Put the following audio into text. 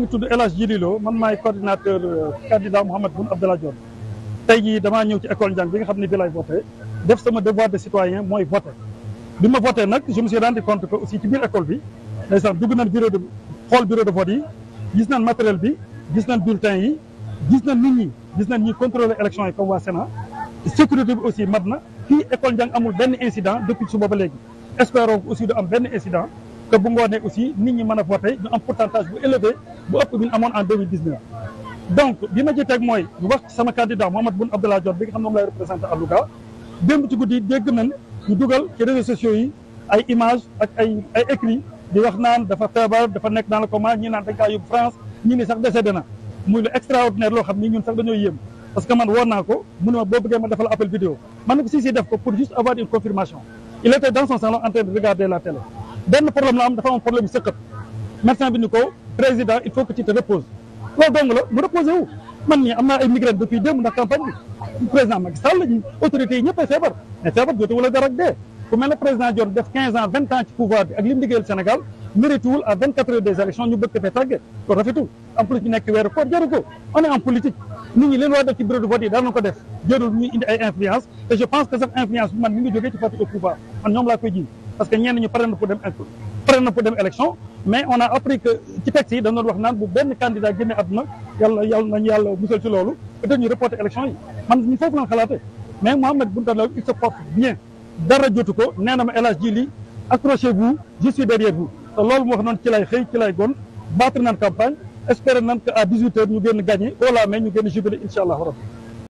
ngi tudd El Hadj Djili Lo man maay coordinateur euh, candidat Mouhamed Boun Abdallah Dionne tey jii damaa ñëw ci école njàng bi nga xam ne bi lay voté def sama devoir de citoyen mooy voté bi ma voté nag je me suis compte que aussi ci biir école bi ndeysaan dugg na bureau de xool bureau de vote yi gis na matériel bi gis na bulletin yi gis nañ nit ñi gis nañ ñuy contrôler élection yi comme waa Sénat sécurité bi aussi mat na fii école njàng amul benn incident depuis suba ba léegi espérons aussi du am benn incident te bu ngoonee aussi nit ñi mën a voté ñu am pourcentage bu élevé bu ëpp bi amoon en donc bi ma ci teg mooy wax sama candidat Mahammed Boun Abdallah Dionne bi nga xam moom lay représenté à Louga démb ci guddi dégg nañ ñu dugal ci réseaux sociaux yi ay image ak ay écrit di wax naan dafa feebar dafa nekk dans le coma ñi naan dañ kaa yóbbu France ñi ni sax décédé na muy lu extraordinaire loo xam ni ñun sax dañoo yéem parce que man woon naa ko mu ne ma boo bëggee ma defal appel vidéo man na ko si si def ko en train de la denn problème la am dafa am problème sëqat médecin bi ni ko président il faut que tu te reposes dong la mu reposé wu man nii am naa depuis démb ndax campagne bi président Macky Sall lañu autorités yi ñëpp ay feebar mais feebar joote wala dara ak dee ku mel def 15 ans 20 ans ci pouvoir ak li mu liggéeyal Sénégal mérite wul à 24 heures des bëgg ko fee tàgge ko rafetul en plus ñu nekk weeru koor ko def ci def jërul ñuy indi ay je pense parce que ñenn ñu pare pour dem élection mais on a appris que ci texte yi dañ wax naan bu benn candidat génne àdduna yàlla yàlla musal ci loolu peut ñu reporter élection yi man ñu foofu la xalaatee mais Mouhamed Boun Dionne il se porte bien dara jotu ko nee na ma El Hadji Djily accrochez-vous je suis derrière vous te loolu mu wax noonu ci lay xëy ci lay gon battre naan campagne espérer naan que à 18 ñu génn gagné au la mais ñu génn jubilé incha